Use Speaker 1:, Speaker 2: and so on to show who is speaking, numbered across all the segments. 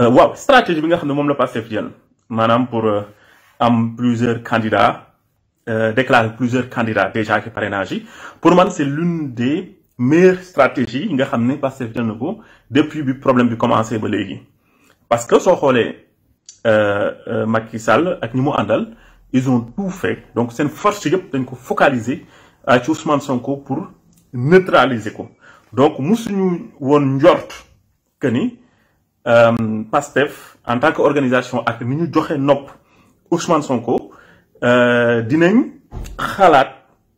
Speaker 1: Euh, waaw stratégie bi nga xam ne moom la Pastef jël maanaam pour euh, am plusieurs candidats euh, déclarer plusieurs candidats déjà ci parrainage yi pour man c'est l'une des meilleures stratégies yi nga xam ne Pastef jël na ko depuis bi problème bi commencé ba léegi parce que soo xoolee Macky Sall ak ñi mu àndal ils ont tout fait donc seen force yëpp dañ ko focaliser ci Ousmane Sonko pour neutraliser ko donc musuñu woon njort que ni Euh, PASTEF en tant que organisation ak ni ñu joxe nopp Ousmane Sonko euh, dinañ xalaat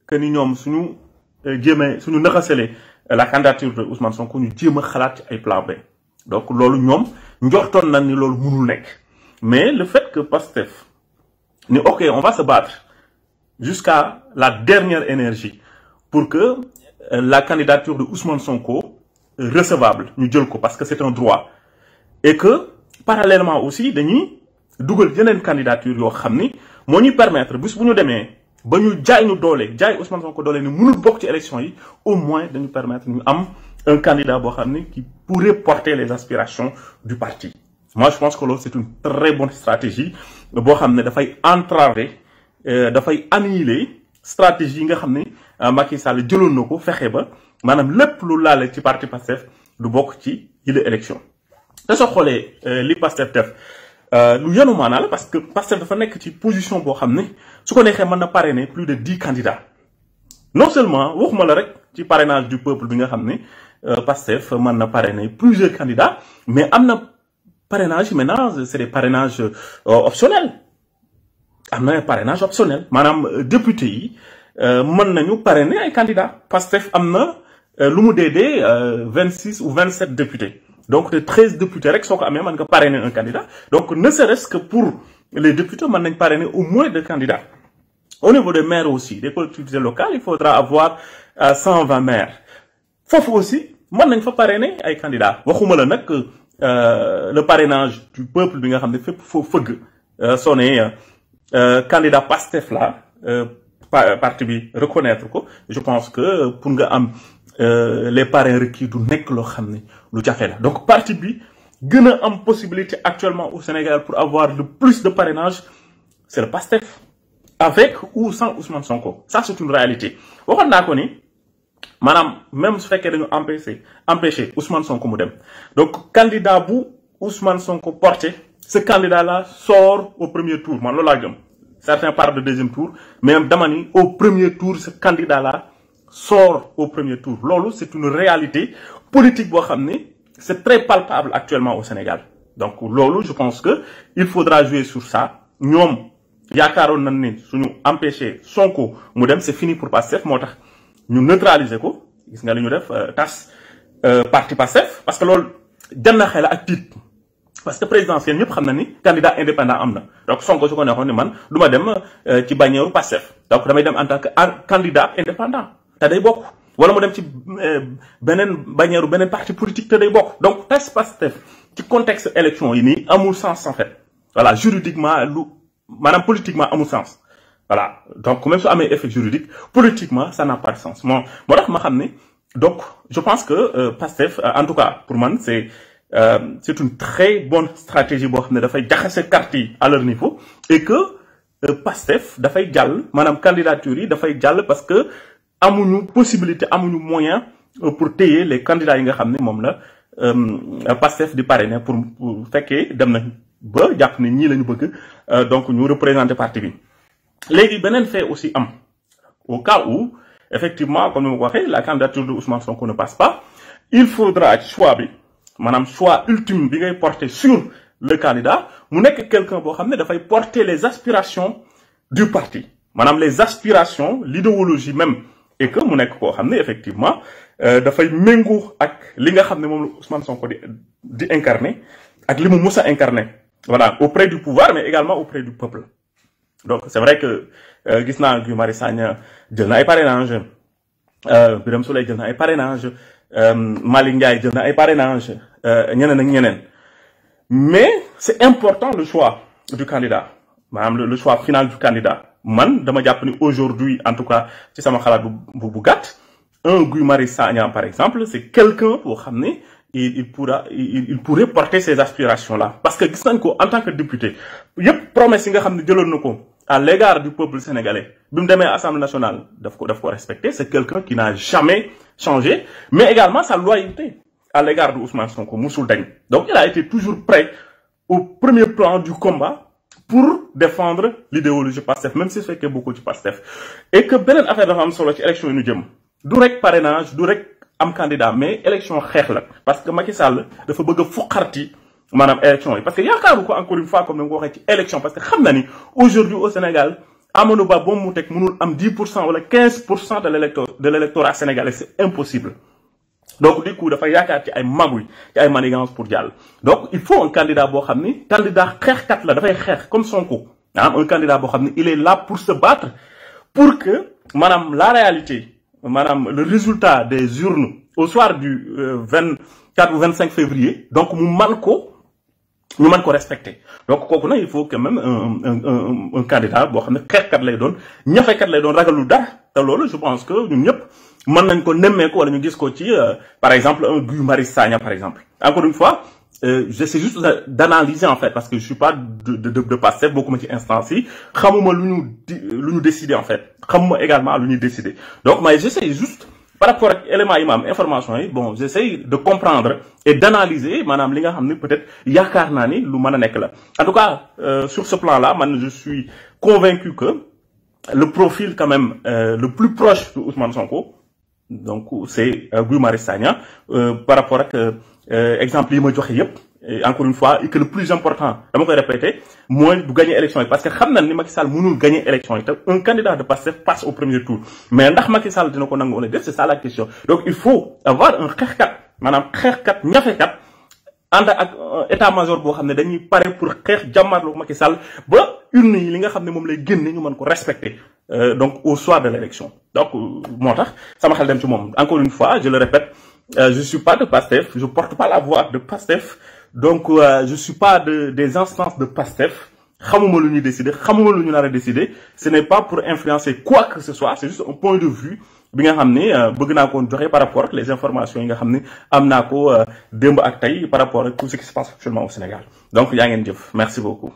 Speaker 1: que ni ñoom suñu euh, jéemee suñu naxasale la candidature de Ousmane Sonko ñu jéem a xalaat ci ay plan B donc loolu ñoom njortoon nañ ni loolu mënul nekk mais le fait que PASTEF ni ok on va se battre jusqu'à la dernière énergie pour que la candidature de Ousmane Sonko recevable ñu jël ko parce que c'est un droit et que parallèlement aussi dañuy dugal yeneen candidature yoo xam ni moo ñuy permettre bis bu ñu demee ba ñu jaay ñu doole jaay Ousmane ko doolee ni mënul bokk ci élection yi au moins dañu permettre ñu am un candidat boo xam ni qui pourrait porter les aspirations du parti. moi je pense que loolu c'est une très bonne stratégie boo xam ne dafay entraver euh, dafay annihiler stratégie yi nga xam ni euh, Macky Sall jëloon ko fexe ba maanaam lépp lu laale ci parti Pastef du bokk ci yile élection. te soo xoolee euh, li Pastef def euh, lu yenu maanaa la parce que Pastef dafa nekk ci position boo xam ne su ko neexee mën na parrainer plus de dix candidats non seulement waxuma la rek ci parrainage du peuple bi nga xam ne euh, Pastef mën na parrainer plusieurs candidats mais am na parrainage maintenant c'est des parrainages optionnels am na parrainage optionnel maanaam député yi mën nañu parrainer ay candidats Pastef am na lu mu dee dee vingt six ou vingt sept députés donc te treize députés rek soo ko amee mën nga parrainer un candidat donc ne serait-ce que pour les députés mën nañ parrainer au moins de candidats au niveau des maire aussi des collectivités locales il faudra avoir euh, cent vingt maires foofu aussi mën nañ fa parrainer ay candidats waxuma la nag euh, le parrainage du peuple bi nga xam ne fépp foo fëgg euh, soo ne candidat Pastef la parti bi reconnaître ko je pense que pour nga am Euh, les parrains requis du nekk loo xam ne lu jafe la donc parti bi gën a am possibilité actuellement au Sénégal pour avoir le plus de parrainage c'est le PASTEF avec ou sans Ousmane Sonko ça c'est une réalité waxoon naa ko ni maanaam même su fekkee dañu empêché empêché Ousmane Sonko mu dem donc candidat bu son Sonko porté ce candidat la sort au premier tour man loolu laa gëm certains parlent de deuxième tour mais dama ni au premier tour ce candidat là sort au premier tour loolu c'est une réalité politique boo xam ne c'est très palpable actuellement au Sénégal donc loolu je pense que il faudra jouer sur sa ñoom yaakaaroon nañ ne suñu empêcher Sonko mu dem c'est fini pour Pastef moo tax ñu neutraliser ko gis nga lañu ñu def euh, tas euh, parti Pastef parce que loolu dem na xel ak tiit parce que présidentielle ñëpp xam na ni candidat indépendant am na donc Sonko su ko neexoon ni man du ma dem euh, ci bannière Pastef donc damay dem en tant que candidat indépendant te day bokk wala mu dem ci euh, beneen bannière beneen parti politique te day bokk donc tas Pastef ci contexte élection yi nii amul sens en fait voilà juridiquement lu maanaam politiquement amul sens voilà donc même su amee effet juridique politiquement ça n'a pas de sens moo moo tax ma xam ne donc je pense que euh, Pastef euh, en tout cas pour man c'est c'est une très bonne stratégie boo xam ne dafay jaxase carte yi à leur niveau et que Pastef dafay jàll maanaam candidature yi dafay jàll parce que amuñu possibilité amuñu moyen euh, pour téye les candidats yi nga xam ne moom la euh, Pastef di parrainer pour pour fekkee dem nañ ba jàpp ni ñii la ñu bëgg euh, donc ñu représenter parti bi. léegi beneen fait aussi am au cas où effectivement comme ni ma ko waxee la candidature de Ousmane Sonko ne passe pas il faudra choix bi maanaam choix ultime bi ngay porter sur le candidat mu nekk quelqu'un boo xam ne dafay porte les aspirations du parti maanaam les aspirations l'idéologie même. et que mu nekk koo xam ne effectivement euh, dafay méngoo ak li nga xam ne moom la Ousmane Sonko di di incarné ak li mu mus a incarné voilà auprès du pouvoir mais également auprès du peuple donc c'est vrai que euh, gis naa Guy Marius jël na ay parrainage euh, Birame Souleye jël na ay parrainage Malick Ndiaye jël na ay parrainage ñeneen ak ñeneen mais c'est important le choix du candidat maanaam le choix final du candidat man dama jàpp ni aujourd'hui en tout cas ci sama xalaat bu bu gàtt un Guy Marius Sagna par exemple c'est quelqu'un boo xam ne il il pourra il il pourrait porter ces aspirations là parce que gis nañ ko en tant que député yépp promesse yi nga xam ne jëloon na ko à l'égard du peuple sénégalais bi mu demee assemblée nationale daf ko daf ko respecter c'est quelqu'un qui n'a jamais changé mais également sa loyauté à l'égard de Ousmane Sonko musul dañ donc il a été toujours prêt au pour défendre l'idéologie Pastef même si fekkee bokkul ci Pastef et que beneen affaire dafa am solo ci élection yi ñu jëm du rek parrainage du rek am candidat mais élection xeex la parce que Macky Sall dafa bëgg a fuqarti maanaam élection yi parce que yaakaaru ko encore une fois comme ni nga ko waxee ci élection parce que xam na ni aujourd'hui au Sénégal Amadou Ba boobu mu teg mënul am 10 pour cent wala 15 pour cent de l'électo de l'électorat sénégalais c'est impossible donc du coup dafa yaakaar ci ay maguy ci ay manigance pour jàll donc il faut un candidat boo xam ni candidat xeexkat la dafay xeex comme Sonko maanaam un candidat boo xam ni il est là pour se battre pour que maanaam la réalité maanaam le résultat des urnes au soir du euh, vingt quatre ou vingt cinq février donc mu man ko ñu mën ko respecter donc kooku nag il faut que même un un un candidat boo xam ne xeexkat lay doon ñafekat lay doon ragalul dara te loolu je pense que ñun ñëpp mën nañ ko nemmeeku wala ñu gis ko ci euh, par exemple un Guy Marius Sagna par exemple encore une fois euh, j'essaie juste d'analyser en fait parce que je suis pas de de de Pastef bokkuma ci instance yi xamuma lu ñu lu en fait xamuma également lu ñuy décider donc mais j'essaie juste par rapport ak éléments yi ma information yi bon j'essaie de comprendre et d'analyser maanaam li nga xam ne peut-être yaakaar naa ni lu man a nekk la en tout euh, le profil quand même euh, le plus proche de Ousmane Sonko donc c'est euh, Guy Marius Sagna euh, par rapport ak exemple yi ma joxe yépp encore une fois et que le plus important dama koy répéter mooy du gagner élection yi parce que xam na ni Macky Sall mënul gagner élection yi te un candidat de Pastef passe au premier tour mais ndax Macky Sall dina ko nangu wala def c'est ça la question donc il faut avoir un xeexkat maanaam xeexkat ñafekat ànd ak euh, état major boo xam ne dañuy pare pour xeex ma ki Sall ba urne yi li nga xam ne moom lay génne ñu mën ko respecter euh, donc au soir de l' élection donc euh, moo tax sama xel dem ci moom encore une fois je le répète je suis pas de Pastef je porte pas la voix de Pastef donc je suis pas de des instances de Pastef xamuma lu ñuy décider xamuma lu ñu nar a décider ce n' est pas pour influencer quoi que ce soit c' juste un point de vue bi nga xam ne euh, bëgg naa koon joxe par rapport les informations yi nga xam ne am naa ko euh, démb ak tey par rapport ak tout ce qui se passe actuellement au Sénégal donc yaa ngeen jëf merci beaucoup